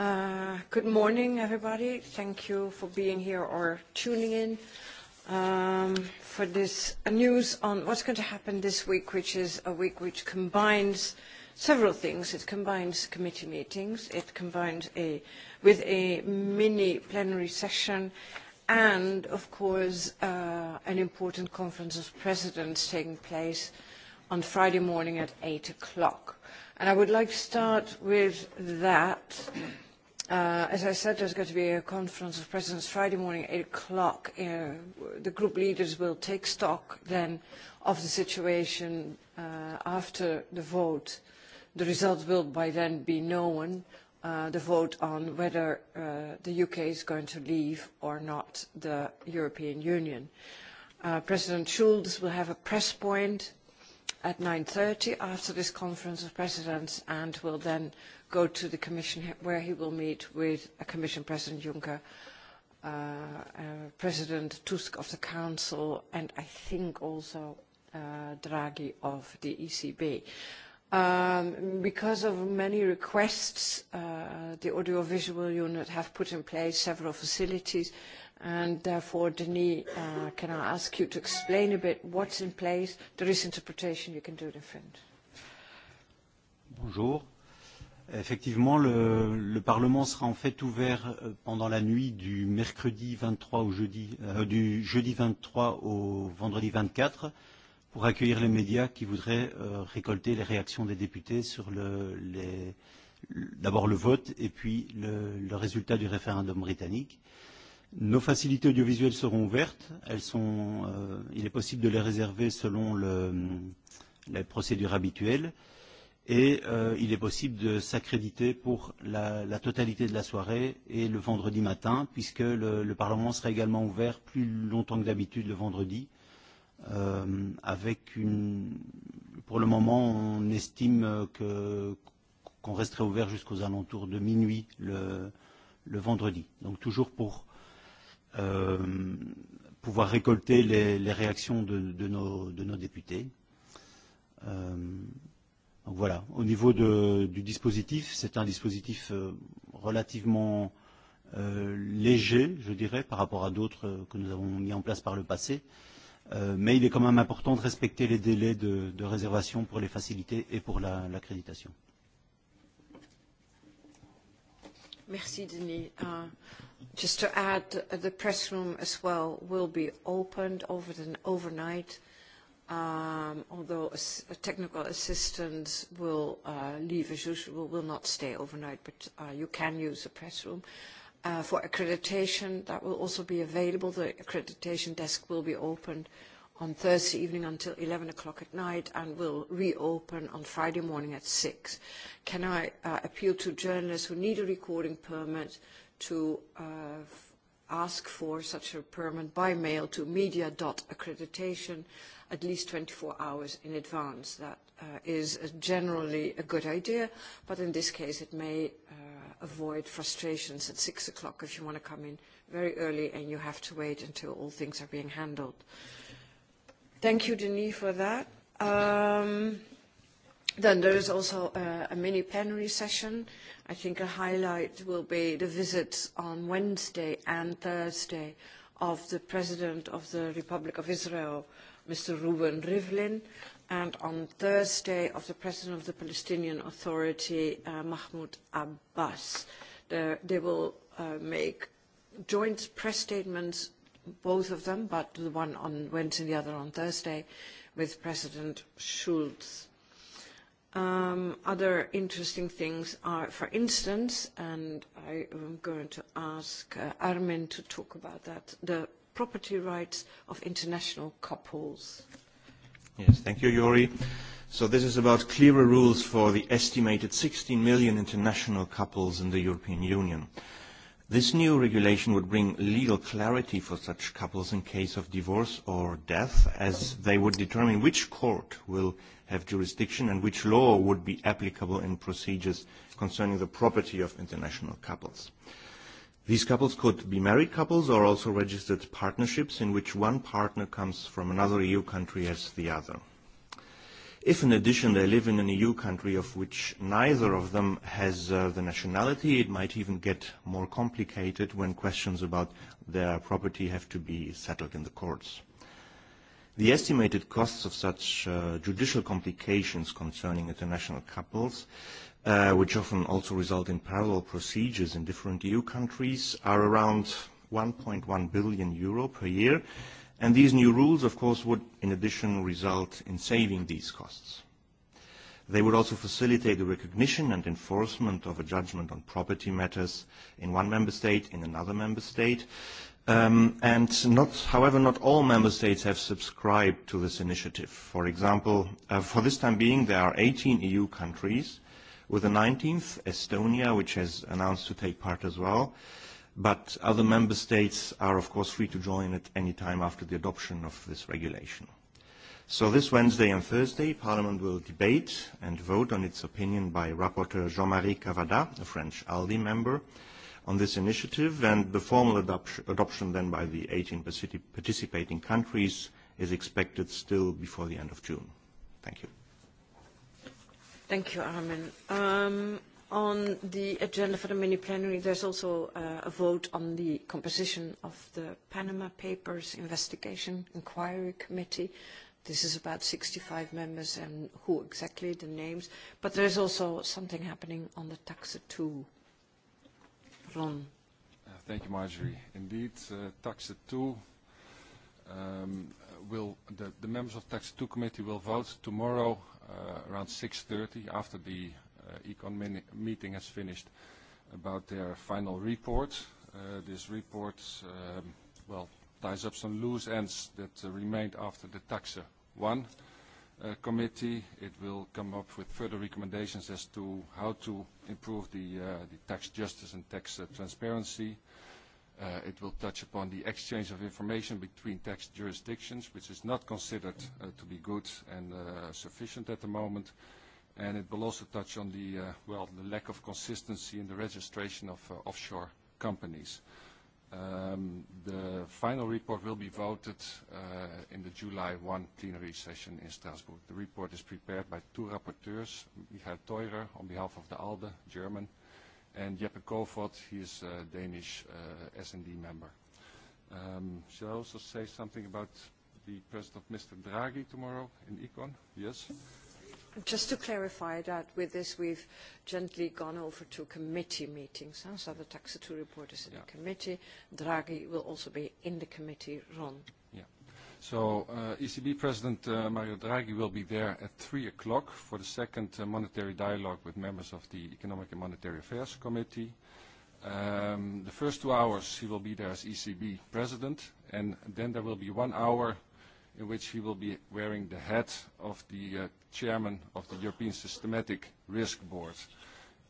Uh, good morning, everybody. Thank you for being here or tuning in um, for this news on what's going to happen this week, which is a week which combines several things. It combines committee meetings, it combines a, with a mini plenary session, and, of course, uh, an important conference of presidents taking place on Friday morning at 8 o'clock. And I would like to start with that Uh, as I said, there's going to be a conference of presidents Friday morning, 8 o'clock. Uh, the group leaders will take stock then of the situation uh, after the vote. The result will by then be known, uh, the vote on whether uh, the UK is going to leave or not the European Union. Uh, President Schulz will have a press point at 9.30 after this conference of presidents and will then go to the Commission where he will meet with Commission President Juncker, uh, uh, President Tusk of the Council and I think also uh, Draghi of the ECB. Um, because of many requests, uh, the audiovisual unit have put in place several facilities and therefore, Denis, uh, can I ask you to explain a bit what's in place? There is interpretation you can do different. Bonjour. Effectivement, le, le Parlement sera en fait ouvert euh, pendant la nuit du mercredi 23 au jeudi, euh, du jeudi 23 au vendredi 24 pour accueillir les médias qui voudraient euh, récolter les réactions des députés sur le, les, d'abord le vote et puis le, le résultat du référendum britannique. Euh, Nos facilités audiovisuelles seront ouvertes. Elles sont, euh, il est possible de les réserver selon le, les procédures habituelles. Et euh, il est possible de s'accréditer pour la, la totalité de la soirée et le vendredi matin, puisque le, le Parlement sera également ouvert plus longtemps que d'habitude le vendredi. Euh, avec une, pour le moment, on estime qu'on qu resterait ouvert jusqu'aux alentours de minuit le, le vendredi. Donc toujours pour euh, Euh, pouvoir récolter les, les réactions de, de, nos, de nos députés. Euh, donc voilà, au niveau de, du dispositif, c'est un dispositif euh, relativement euh, léger, je dirais, par rapport à d'autres euh, que nous avons mis en place par le passé. Euh, mais il est quand même important de respecter les délais de, de réservation pour les facilités et pour l'accréditation. La, Merci, Denis. Uh, just to add, the press room as well will be opened over the overnight, um, although a, a technical assistant will uh, leave as usual, will not stay overnight, but uh, you can use the press room. Uh, for accreditation, that will also be available. The accreditation desk will be opened on Thursday evening until 11 o'clock at night and will reopen on Friday morning at 6. Can I uh, appeal to journalists who need a recording permit to uh, ask for such a permit by mail to media.accreditation at least 24 hours in advance. That uh, is a generally a good idea, but in this case it may uh, avoid frustrations at 6 o'clock if you want to come in very early and you have to wait until all things are being handled. Thank you, Denis, for that. Um, then there is also a, a mini plenary session. I think a highlight will be the visits on Wednesday and Thursday of the President of the Republic of Israel, Mr. Ruben Rivlin, and on Thursday of the President of the Palestinian Authority, uh, Mahmoud Abbas. The, they will uh, make joint press statements both of them, but the one on Wednesday and the other on Thursday, with President Schulz. Um, other interesting things are, for instance, and I am going to ask uh, Armin to talk about that, the property rights of international couples. Yes, thank you, Yori. So this is about clearer rules for the estimated 16 million international couples in the European Union. This new regulation would bring legal clarity for such couples in case of divorce or death, as they would determine which court will have jurisdiction and which law would be applicable in procedures concerning the property of international couples. These couples could be married couples or also registered partnerships in which one partner comes from another EU country as the other. If in addition they live in an EU country of which neither of them has uh, the nationality, it might even get more complicated when questions about their property have to be settled in the courts. The estimated costs of such uh, judicial complications concerning international couples, uh, which often also result in parallel procedures in different EU countries, are around 1.1 billion euro per year, And these new rules, of course, would in addition result in saving these costs. They would also facilitate the recognition and enforcement of a judgment on property matters in one member state, in another member state. Um, and not, however, not all member states have subscribed to this initiative. For example, uh, for this time being, there are 18 EU countries, with the 19th, Estonia, which has announced to take part as well, but other member states are of course free to join at any time after the adoption of this regulation. So this Wednesday and Thursday, Parliament will debate and vote on its opinion by Rapporteur Jean-Marie Cavada, a French ALDI member, on this initiative, and the formal adoption, adoption then by the 18 participating countries is expected still before the end of June. Thank you. Thank you, Armin. Um, On the agenda for the mini plenary, there's also uh, a vote on the composition of the Panama Papers Investigation Inquiry Committee. This is about 65 members and who exactly the names. But there's also something happening on the taxa 2. Ron. Uh, thank you, Marjorie. Indeed, uh, taxa 2 um, will the, the members of taxa 2 committee will vote tomorrow uh, around 6:30 after the uh, econ meeting has finished about their final report. Uh, this report, um, well, ties up some loose ends that uh, remained after the Taxa 1 uh, committee. It will come up with further recommendations as to how to improve the, uh, the tax justice and tax uh, transparency. Uh, it will touch upon the exchange of information between tax jurisdictions, which is not considered uh, to be good and uh, sufficient at the moment. Uh, and it will also touch on the, uh, well, the lack of consistency in the registration of uh, offshore companies. Um, the final report will be voted uh, in the July 1 plenary session in Strasbourg. The report is prepared by two rapporteurs, Michael Teurer on behalf of the ALDE, German, and Jeppe Kofod, he is a Danish uh, S&D member. Um, shall I also say something about the presence of Mr. Draghi tomorrow in Econ? Yes. Just to clarify that with this, we've gently gone over to committee meetings. Huh? So the Taxa 2 report is in yeah. the committee. Draghi will also be in the committee, Ron. Yeah. So uh, ECB President uh, Mario Draghi will be there at 3 o'clock for the second uh, monetary dialogue with members of the Economic and Monetary Affairs Committee. Um, the first two hours he will be there as ECB President, and then there will be one hour in which he will be wearing the hat of the uh, chairman of the European Systematic Risk Board.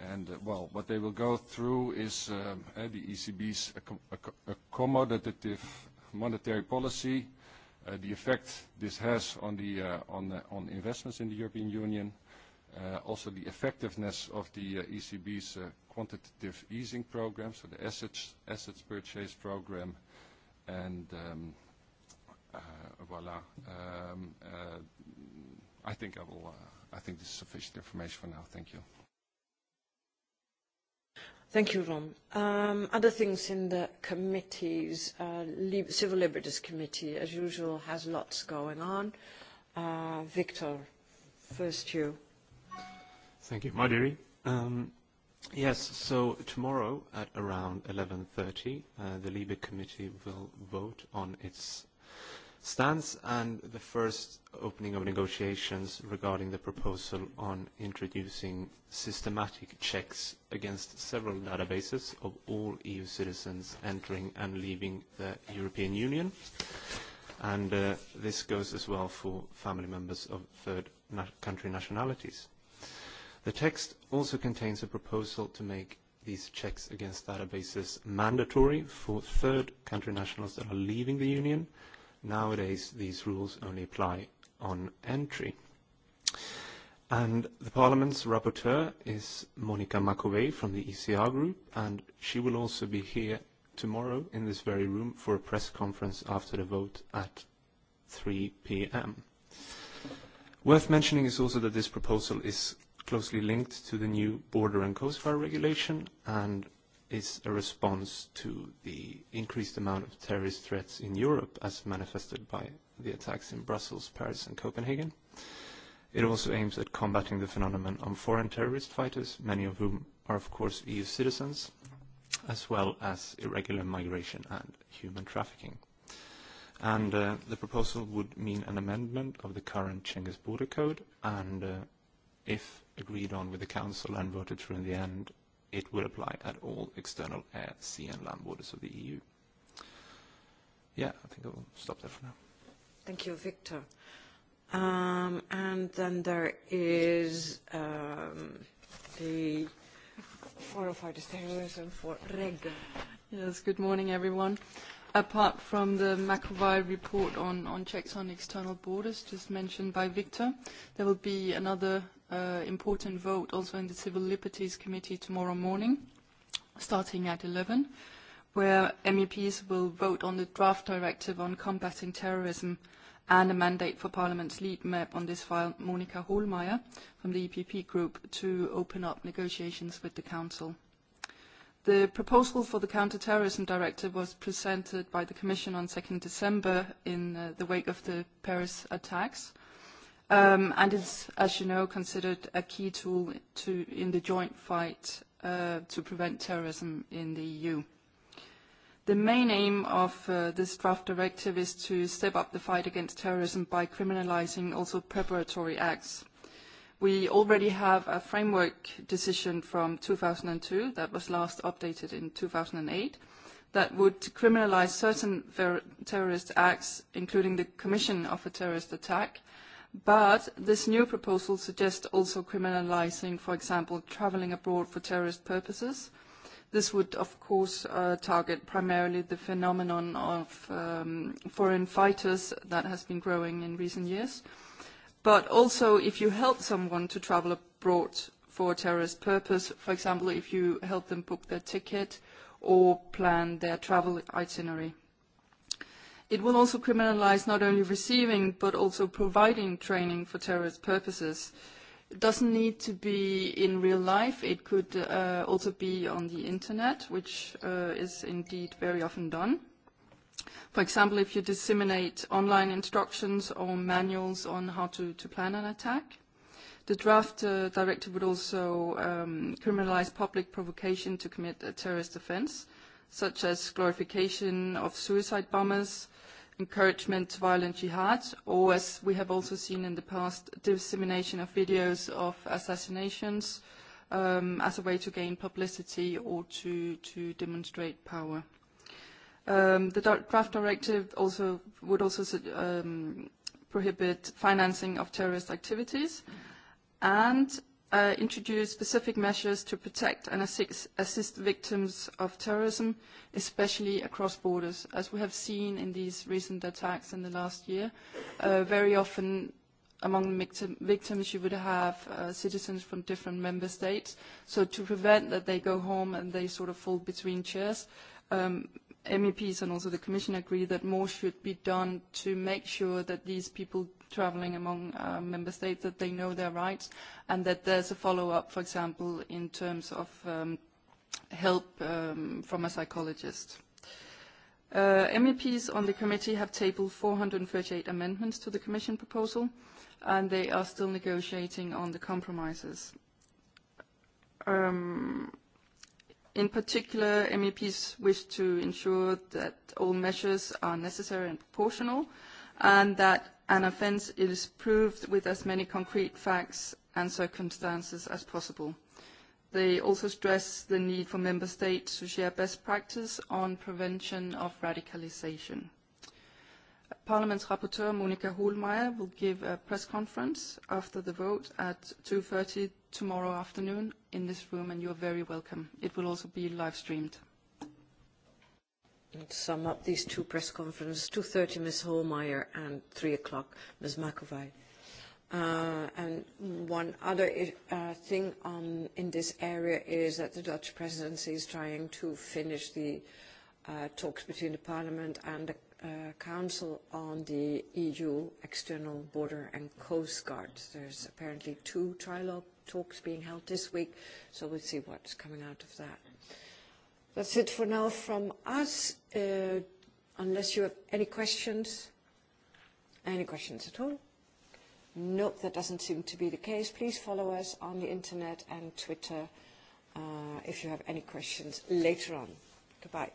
And, uh, well, what they will go through is um, uh, the ECB's accom accommodative monetary policy, uh, the effect this has on, the, uh, on, uh, on investments in the European Union, uh, also the effectiveness of the uh, ECB's uh, quantitative easing program, so the assets, assets purchase program, and um, um, uh, I think I will. Uh, I think this is sufficient information for now. Thank you. Thank you, Ron. Um, other things in the committees, uh, Civil Liberties Committee, as usual, has lots going on. Uh, Victor, first you. Thank you, Marjorie. Um, yes, so tomorrow at around 11.30, uh, the LIBE committee will vote on its stance and the first opening of negotiations regarding the proposal on introducing systematic checks against several databases of all EU citizens entering and leaving the European Union. And uh, this goes as well for family members of third na country nationalities. The text also contains a proposal to make these checks against databases mandatory for third country nationals that are leaving the Union Nowadays, these rules only apply on entry. And the Parliament's rapporteur is Monica McAvey from the ECR Group, and she will also be here tomorrow in this very room for a press conference after the vote at 3 p.m. Worth mentioning is also that this proposal is closely linked to the new border and coast guard regulation, and is a response to the increased amount of terrorist threats in Europe as manifested by the attacks in Brussels, Paris and Copenhagen. It also aims at combating the phenomenon of foreign terrorist fighters, many of whom are of course EU citizens, as well as irregular migration and human trafficking. And uh, the proposal would mean an amendment of the current Schengen's border code and uh, if agreed on with the Council and voted through in the end, it will apply at all external air, sea and land borders of the EU. Yeah, I think I'll stop there for now. Thank you, Victor. Um, and then there is um, the Firefighter Terrorism for REG. Yes, good morning, everyone. Apart from the McAvoy report on, on checks on external borders, just mentioned by Victor, there will be another uh, important vote also in the Civil Liberties Committee tomorrow morning, starting at 11, where MEPs will vote on the draft directive on combating terrorism and a mandate for Parliament's lead map on this file, Monica Hohlmeier from the EPP group, to open up negotiations with the Council. The proposal for the counter-terrorism directive was presented by the Commission on 2nd December in uh, the wake of the Paris attacks Um, and is, as you know, considered a key tool to, in the joint fight uh, to prevent terrorism in the EU. The main aim of uh, this draft directive is to step up the fight against terrorism by criminalizing also preparatory acts. We already have a framework decision from 2002 that was last updated in 2008 that would criminalize certain terrorist acts, including the commission of a terrorist attack – uh, But this new proposal suggests also criminalizing, for example, traveling abroad for terrorist purposes. This would, of course, uh, target primarily the phenomenon of um, foreign fighters that has been growing in recent years. But also, if you help someone to travel abroad for a terrorist purpose, for example, if you help them book their ticket or plan their travel itinerary. It will also criminalise not only receiving but also providing training for terrorist purposes. It doesn't need to be in real life. It could uh, also be on the internet, which uh, is indeed very often done. For example, if you disseminate online instructions or manuals on how to, to plan an attack. The draft uh, directive would also um, criminalise public provocation to commit a terrorist offence. Uh, such as glorification of suicide bombers, encouragement to violent jihad, or as we have also seen in the past, dissemination of videos of assassinations um, as a way to gain publicity or to, to demonstrate power. Um, the draft directive also would also um, prohibit financing of terrorist activities and uh, specific measures to protect and assist, assist victims of terrorism, especially across borders. As we have seen in these recent attacks in the last year, uh, very often among the victim, victims you would have uh, citizens from different member states. So to prevent that they go home and they sort of fall between chairs, um, MEPs and also the Commission agree that more should be done to make sure that these people traveling among uh, member states, that they know their rights and that there's a follow-up, for example, in terms of um, help um, from a psychologist. Uh, MEPs on the committee have tabled 438 amendments to the Commission proposal and they are still negotiating on the compromises. Um, In particular, MEPs wish to ensure that all measures are necessary and proportional, and that an offence is proved with as many concrete facts and circumstances as possible. They also stress the need for member states to share best practice on prevention of radicalisation. Parliament's rapporteur, Monika Hohlmeier, will give a press conference after the vote at 2.30 tomorrow afternoon in this room, and you're very welcome. It will also be live streamed. And sum up these two press conferences, 2.30 Ms. Hohlmeier and 3 o'clock Ms. McAvoy. Uh, and one other uh, thing on, in this area is that the Dutch presidency is trying to finish the uh, talks between the Parliament and the Uh, council on the EU External Border and Coast Guard. There's apparently two trilogue talks being held this week, so we'll see what's coming out of that. That's it for now from us, uh, unless you have any questions. Any questions at all? Nope, that doesn't seem to be the case. Please follow us on the internet and Twitter uh, if you have any questions later on. Goodbye.